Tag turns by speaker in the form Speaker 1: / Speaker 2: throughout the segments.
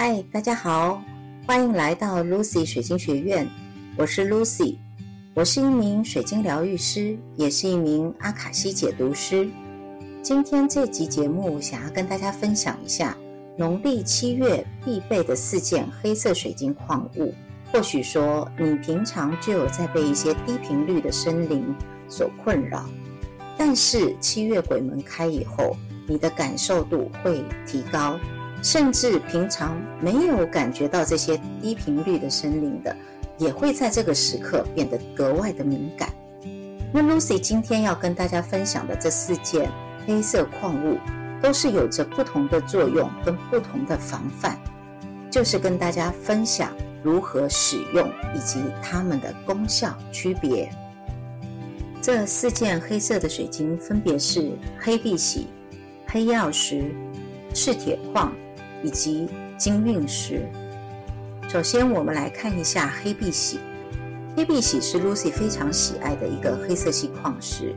Speaker 1: 嗨，Hi, 大家好，歡迎來到 Lucy 水晶學院。我是 Lucy，我是一名水晶療癒師，也是一名阿卡西解讀師。今天這集節目想要跟大家分享一下農曆七月必備的四件黑色水晶礦物。或許說你平常就有在被一些低頻率的生靈所困擾，但是七月鬼門開以後，你的感受度會提高。甚至平常沒有感覺到這些低頻率的生靈的，也會在這個時刻變得格外的敏感。那 Lucy 今天要跟大家分享的這四件黑色礦物，都是有着不同的作用跟不同的防範，就是跟大家分享如何使用以及它們的功效區別。這四件黑色的水晶分別是黑碧璽、黑曜石、赤鐵礦，以及金運石。首先，我們來看一下黑碧璽。黑碧璽是 Lucy 非常喜愛的一個黑色系礦石，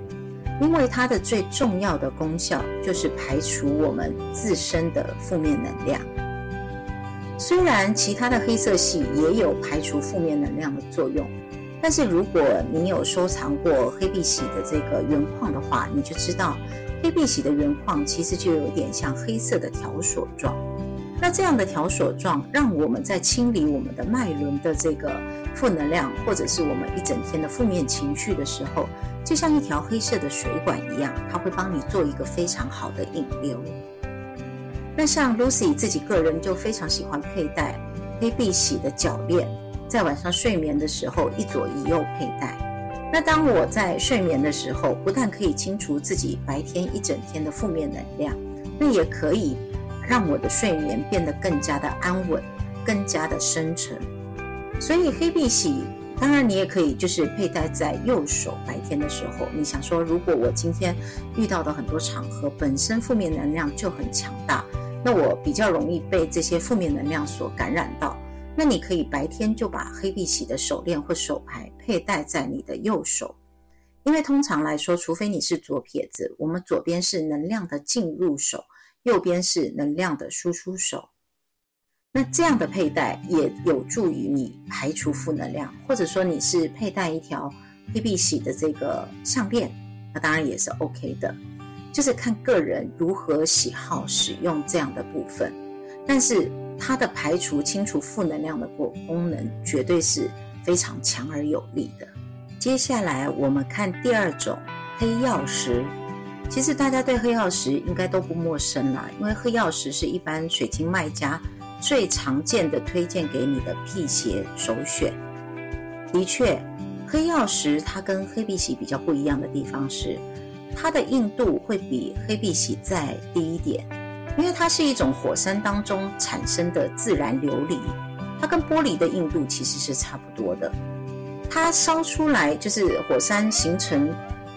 Speaker 1: 因為它的最重要的功效就是排除我們自身的負面能量。雖然其他的黑色系也有排除負面能量的作用，但是如果你有收藏過黑碧璽的這個原礦的話，你就知道黑碧璽的原礦其實就有點像黑色的條索狀。那這樣的條索狀，讓我們在清理我們的脈輪的這個負能量，或者是我們一整天的負面情緒的時候，就像一條黑色的水管一樣，它會幫你做一個非常好的引流。那像 Lucy 自己個人就非常喜歡佩戴黑碧璽的腳鏈，在晚上睡眠的時候一左一右佩戴。那當我在睡眠的時候，不但可以清除自己白天一整天的負面能量，那也可以。讓我的睡眠變得更加的安穩，更加的深沉。所以黑碧璽，當然你也可以就是佩戴在右手。白天的時候，你想說，如果我今天遇到的很多場合本身負面能量就很強大，那我比較容易被這些負面能量所感染到。那你可以白天就把黑碧璽的手鏈或手牌佩戴在你的右手，因為通常來說，除非你是左撇子，我們左邊是能量的進入手。右邊是能量的輸出手，那這樣的佩戴也有助於你排除負能量，或者說你是佩戴一條黑碧璽的這個項鏈，那當然也是 OK 的，就是看個人如何喜好使用這樣的部分，但是它的排除清除負能量的功功能絕對是非常強而有力的。接下來我們看第二種黑曜石。其實大家對黑曜石應該都不陌生啦，因為黑曜石是一般水晶賣家最常見的推薦給你的辟邪首選。的確，黑曜石它跟黑碧璽比較不一樣的地方是，它的硬度會比黑碧璽再低一點，因為它是一種火山當中產生的自然琉璃，它跟玻璃的硬度其實是差不多的。它燒出來就是火山形成。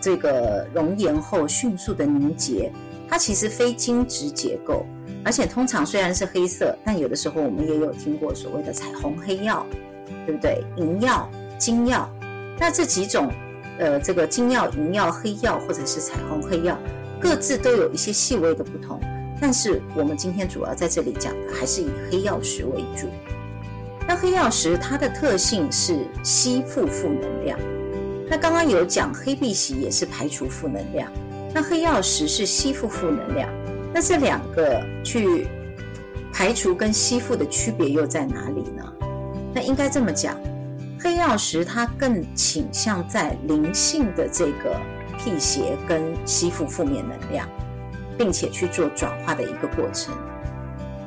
Speaker 1: 這個熔岩後迅速的凝結，它其實非晶質結構，而且通常雖然是黑色，但有的時候我們也有聽過所謂的彩虹黑曜，對不對？銀曜、金曜，那這幾種，呃，這個金曜、銀曜、黑曜或者是彩虹黑曜，各自都有一些細微的不同。但是我們今天主要在這裡講的還是以黑曜石為主。那黑曜石它的特性是吸附負能量。那剛剛有講黑碧璽也是排除負能量，那黑曜石是吸附負能量，那這兩個去排除跟吸附的區別又在哪裡呢？那應該這麼講，黑曜石它更傾向在靈性的這個辟邪跟吸附負面能量，並且去做轉化的一個過程。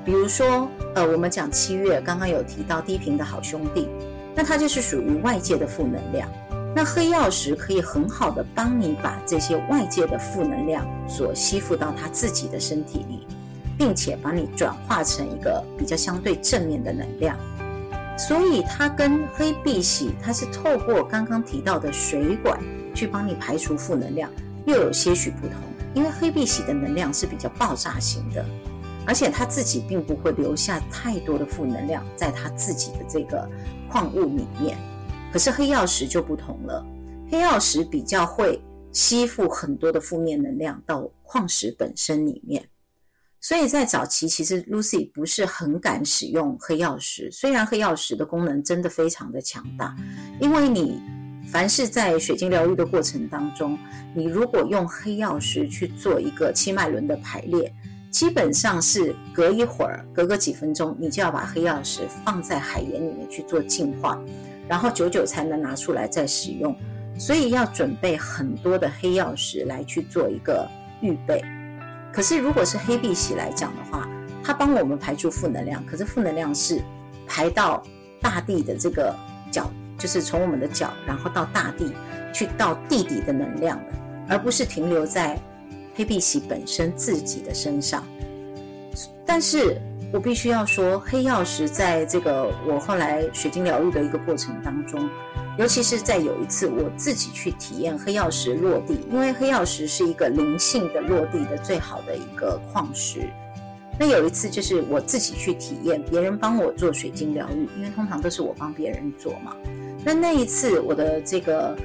Speaker 1: 比如說，呃，我們講七月剛剛有提到低頻的好兄弟，那它就是屬於外界的負能量。那黑曜石可以很好的幫你把這些外界的負能量所吸附到他自己的身體裡，並且把你轉化成一個比較相對正面的能量。所以它跟黑碧璽，它是透過剛剛提到的水管去幫你排除負能量，又有些許不同。因為黑碧璽的能量是比較爆炸型的，而且它自己並不會留下太多的負能量在它自己的這個礦物裡面。可是黑曜石就不同了，黑曜石比較會吸附很多的負面能量到礦石本身裡面，所以在早期其實 Lucy 不是很敢使用黑曜石。雖然黑曜石的功能真的非常的強大，因為你凡是在水晶療癒的過程當中，你如果用黑曜石去做一個七脈輪的排列，基本上是隔一會兒、隔個幾分鐘，你就要把黑曜石放在海鹽裡面去做淨化。然後久久才能拿出來再使用，所以要準備很多的黑曜石來去做一個預備。可是如果是黑碧璽來講的話，它幫我們排出負能量，可是負能量是排到大地的這個腳，就是從我們的腳，然後到大地去到地底的能量的，而不是停留在黑碧璽本身自己的身上。但是。我必須要說，黑曜石在這個我後來水晶療癒的一個過程當中，尤其是在有一次我自己去體驗黑曜石落地，因為黑曜石是一個靈性的落地的最好的一個礦石。那有一次就是我自己去體驗，別人幫我做水晶療癒，因為通常都是我幫別人做嘛。那那一次我的這個。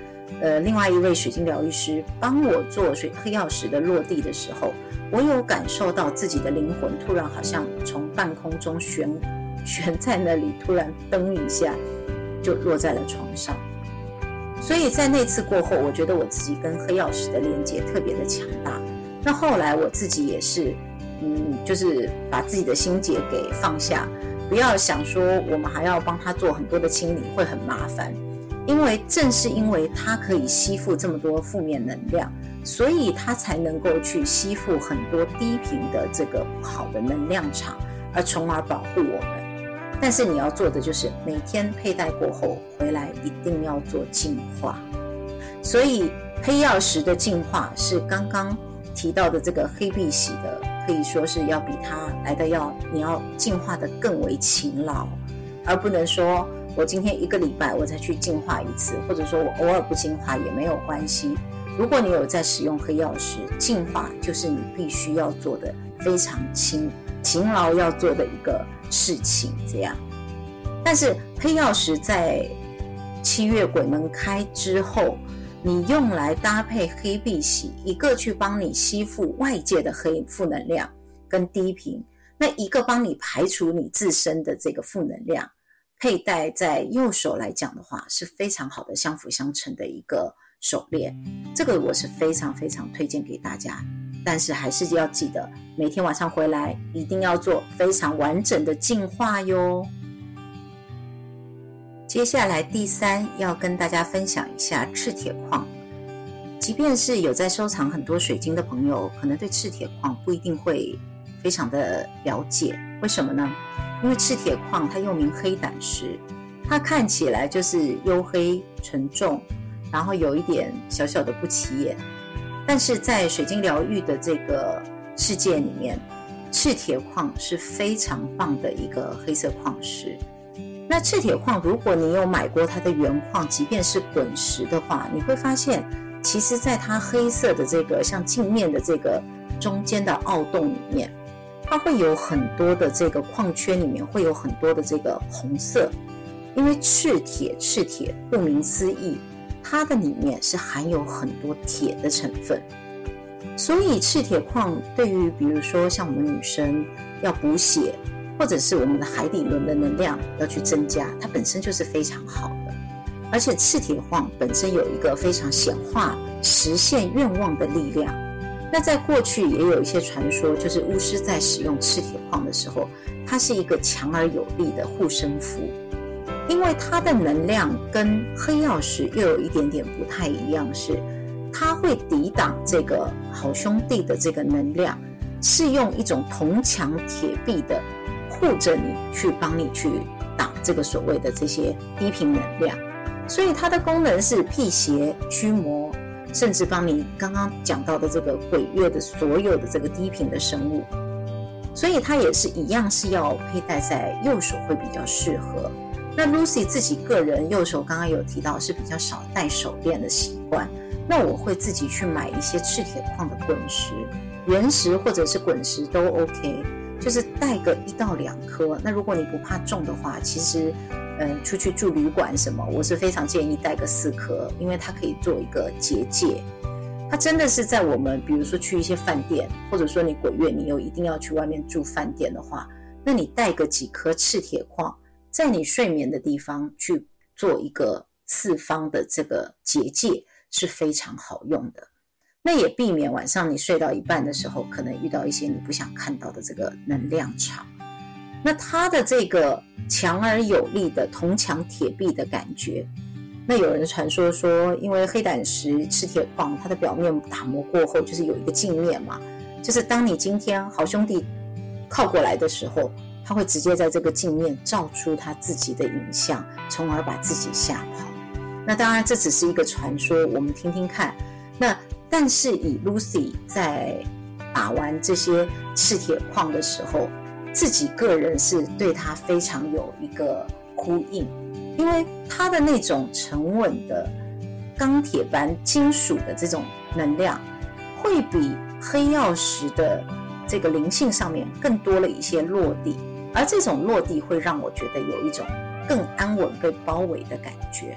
Speaker 1: 呃，另外一位水晶療癒師幫我做水黑曜石的落地的時候，我有感受到自己的靈魂突然好像從半空中懸懸在那裡，突然噔一下就落在了床上。所以在那次過後，我覺得我自己跟黑曜石的連結特別的強大。那後來我自己也是，嗯，就是把自己的心結給放下，不要想說我們還要幫他做很多的清理，會很麻煩。因為正是因為它可以吸附這麼多負面能量，所以它才能夠去吸附很多低頻的這個不好的能量場，而從而保護我們。但是你要做的就是每天佩戴過後回來一定要做淨化。所以黑曜石的淨化是剛剛提到的這個黑碧玺的，可以說是要比它來的要，你要淨化的更為勤勞，而不能說。我今天一個禮拜我再去淨化一次，或者說我偶爾不淨化也沒有關係。如果你有在使用黑曜石，淨化就是你必須要做的非常勤勤勞要做的一個事情。這樣，但是黑曜石在七月鬼門開之後，你用來搭配黑碧璽，一個去幫你吸附外界的黑負能量跟低頻，那一個幫你排除你自身的這個負能量。佩戴在右手來講的話，是非常好的相輔相成的一個手鏈，這個我是非常非常推薦給大家。但是還是要記得，每天晚上回來一定要做非常完整的淨化喲。接下來第三要跟大家分享一下赤鐵礦，即便是有在收藏很多水晶的朋友，可能對赤鐵礦不一定會非常的了解。為什麼呢？因為赤鐵礦它又名黑膽石，它看起來就是黝黑沉重，然後有一點小小的不起眼。但是在水晶療癒的這個世界裡面，赤鐵礦是非常棒的一個黑色礦石。那赤鐵礦，如果你有買過它的原礦，即便是滾石的話，你會發現，其實，在它黑色的這個像鏡面的這個中間的凹洞裡面。它會有很多的這個礦圈裡面，會有很多的這個紅色，因為赤鐵赤鐵顧名思義，它的裡面是含有很多鐵的成分，所以赤鐵礦對於比如說像我們女生要補血，或者是我們的海底輪的能量要去增加，它本身就是非常好的，而且赤鐵礦本身有一個非常顯化實現願望的力量。那在過去也有一些傳說，就是巫師在使用赤鐵礦的時候，它是一個強而有力的護身符，因為它的能量跟黑曜石又有一點點不太一樣，是它會抵擋這個好兄弟的這個能量，是用一種銅牆鐵壁的護着你，去幫你去擋這個所謂的這些低頻能量，所以它的功能是辟邪驅魔。甚至幫你剛剛講到的這個鬼月的所有的這個低頻的生物，所以它也是一樣，是要佩戴在右手會比較適合。那 Lucy 自己個人右手剛剛有提到是比較少戴手鏈的習慣，那我會自己去買一些赤鐵礦的滾石、原石或者是滾石都 OK。就是帶個一到兩顆，那如果你不怕重的話，其實，嗯，出去住旅館什麼，我是非常建議帶個四顆，因為它可以做一個結界。它真的是在我們，比如說去一些飯店，或者說你鬼月你又一定要去外面住飯店的話，那你帶個幾顆赤鐵礦，在你睡眠的地方去做一個四方的這個結界，是非常好用的。那也避免晚上你睡到一半的時候，可能遇到一些你不想看到的這個能量場。那它的這個強而有力的銅牆鐵壁的感覺，那有人傳說說，因為黑膽石赤鐵礦它的表面打磨過後，就是有一個鏡面嘛，就是當你今天好兄弟靠過來的時候，他會直接在這個鏡面照出他自己的影像，從而把自己嚇跑。那當然這只是一個傳說，我們聽聽看。那。但是以 Lucy 在把玩這些赤鐵礦的時候，自己個人是對他非常有一個呼應，因為他的那種沉穩的鋼鐵般金屬的這種能量，會比黑曜石的這個靈性上面更多了一些落地，而這種落地會讓我覺得有一種更安穩被包圍的感覺，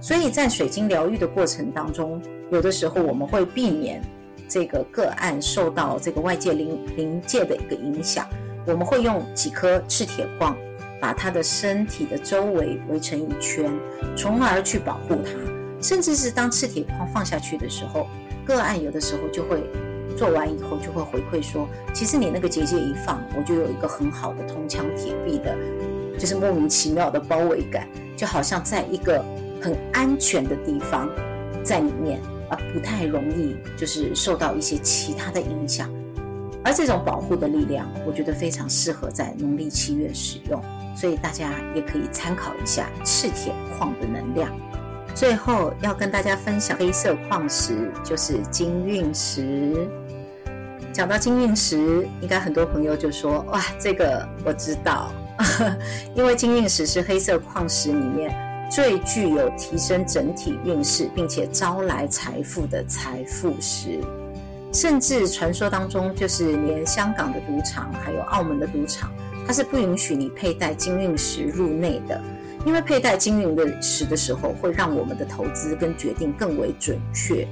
Speaker 1: 所以在水晶療癒的過程當中，有的時候我們會避免這個個案受到這個外界靈靈界的一個影響，我們會用幾顆赤鐵礦把他的身體的周圍圍成一圈，從而去保護他。甚至是當赤鐵礦放下去的時候，個案有的時候就會做完以後就會回饋說，其實你那個結界一放，我就有一個很好的銅牆鐵壁的，就是莫名其妙的包圍感，就好像在一個很安全的地方在裡面。不太容易，就是受到一些其他的影響，而這種保護的力量，我覺得非常適合在農曆七月使用，所以大家也可以參考一下赤鐵礦的能量。最後要跟大家分享黑色礦石，就是金運石。講到金運石，應該很多朋友就說哇，這個我知道，因為金運石是黑色礦石裡面。最具有提升整體運勢，並且招來財富的財富石，甚至傳說當中，就是連香港的賭場，還有澳門的賭場，它是不允許你佩戴金運石入內的，因為佩戴金運的石的時候，會讓我們的投資跟決定更為準確，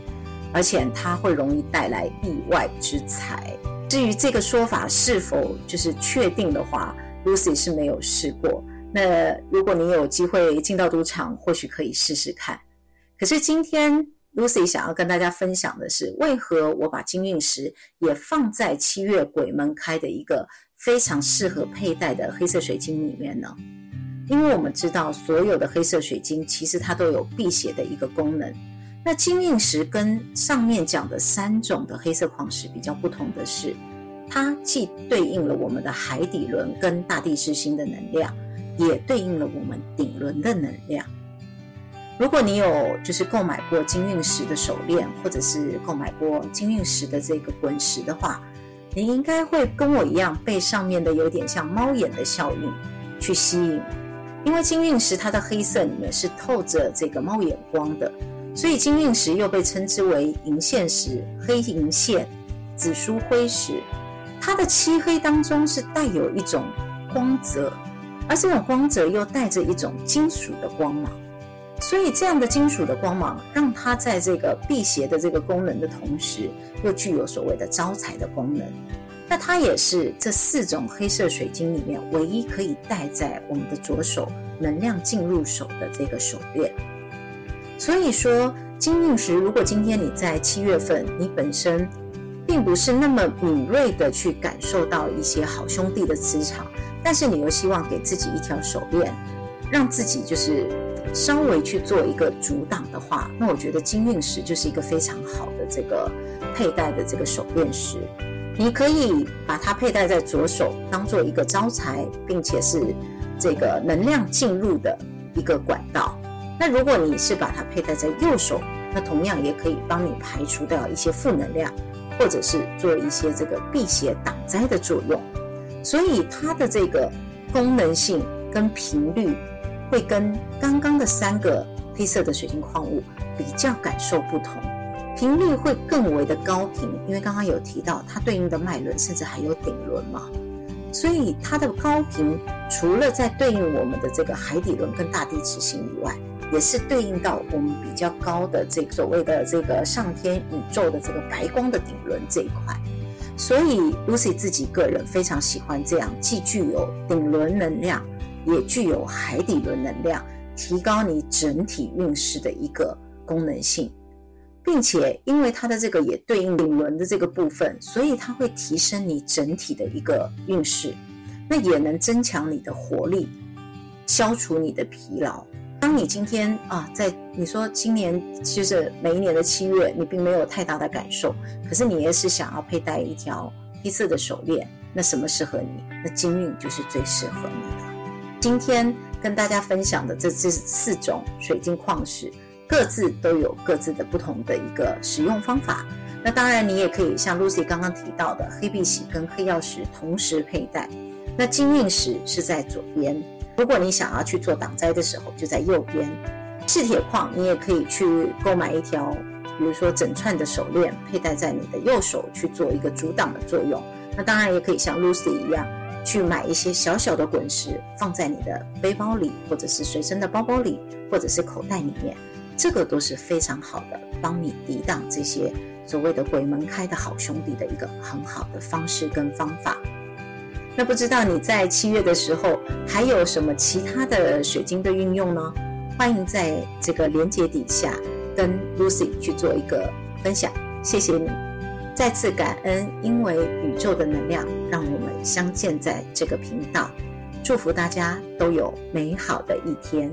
Speaker 1: 而且它會容易帶來意外之財。至於這個說法是否就是確定的話，Lucy 是沒有試過。那如果你有機會進到賭場，或許可以試試看。可是今天 Lucy 想要跟大家分享的是，為何我把金運石也放在七月鬼門開的一個非常適合佩戴的黑色水晶裡面呢？因為我們知道所有的黑色水晶其實它都有辟邪的一個功能。那金運石跟上面講的三種的黑色礦石比較不同的是，它既對應了我們的海底輪跟大地之星的能量，也對應了我們頂輪的能量。如果你有就是購買過金運石的手鏈，或者是購買過金運石的這個滾石的話，你應該會跟我一樣被上面的有點像貓眼的效應去吸引，因為金運石它的黑色裡面是透着這個貓眼光的，所以金運石又被稱之為銀線石、黑銀線、紫蘇輝石，它的漆黑當中是帶有一種光澤。而這種光澤又帶着一種金屬的光芒，所以這樣的金屬的光芒讓它在這個辟邪的這個功能的同時，又具有所謂的招財的功能。那它也是這四種黑色水晶裡面唯一可以戴在我們的左手，能量進入手的這個手鏈。所以說，金運石，如果今天你在七月份，你本身，並不是那麼敏銳的去感受到一些好兄弟的磁場，但是你又希望給自己一條手鏈，讓自己就是稍微去做一個阻擋的話，那我覺得金運石就是一個非常好的這個佩戴的這個手鏈石。你可以把它佩戴在左手，當做一個招財，並且是這個能量進入的一個管道。那如果你是把它佩戴在右手，那同樣也可以幫你排除掉一些負能量。或者是做一些這個辟邪擋災的作用，所以它的這個功能性跟頻率會跟剛剛的三個黑色的水晶礦物比較感受不同，頻率會更為的高頻，因為剛剛有提到它對應的脈輪甚至還有頂輪嘛，所以它的高頻除了在對應我們的這個海底輪跟大地之星以外。也是對應到我們比較高的這個所謂的這個上天宇宙的這個白光的頂輪這一塊，所以 Lucy 自己個人非常喜歡這樣，既具有頂輪能量，也具有海底輪能量，提高你整體運勢的一個功能性，並且因為它的這個也對應頂輪的這個部分，所以它會提升你整體的一個運勢，那也能增強你的活力，消除你的疲勞。你今天啊，在你說今年就是每一年的七月，你並沒有太大的感受，可是你也是想要佩戴一條黑色的手鏈，那什麼適合你？那金運就是最適合你的。今天跟大家分享的這這四種水晶礦石，各自都有各自的不同的一個使用方法。那當然，你也可以像 Lucy 剛剛提到的，黑碧璽跟黑曜石同時佩戴，那金運石是在左邊，如果你想要去做擋災的時候，就在右邊，赤鐵礦你也可以去購買一條，比如說整串的手鏈佩戴在你的右手去做一個阻擋的作用。那當然也可以像 Lucy 一樣去買一些小小的滾石放在你的背包裡，或者是隨身的包包裡，或者是口袋裡面，這個都是非常好的，幫你抵擋這些所謂的鬼門開的好兄弟的一個很好的方式跟方法。那不知道，你在七月的時候還有什麼其他的水晶的運用呢？歡迎在這個連接底下跟 Lucy 去做一個分享。謝謝你，再次感恩，因為宇宙的能量讓我們相見在這個頻道。祝福大家都有美好的一天。